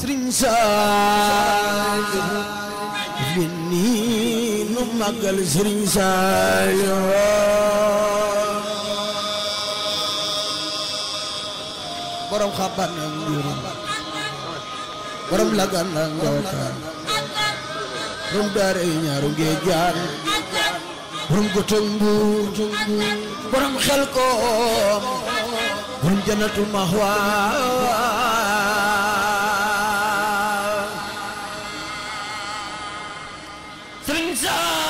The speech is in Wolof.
sëriñ Saliou ni nu magal sëriñ Saliou borom xaban ak njurum borom lagan ak ngookaan borom daara yi ñaaru ngee jaan borom gotong mbuur borom xel koom borom janatu mahwaa Sering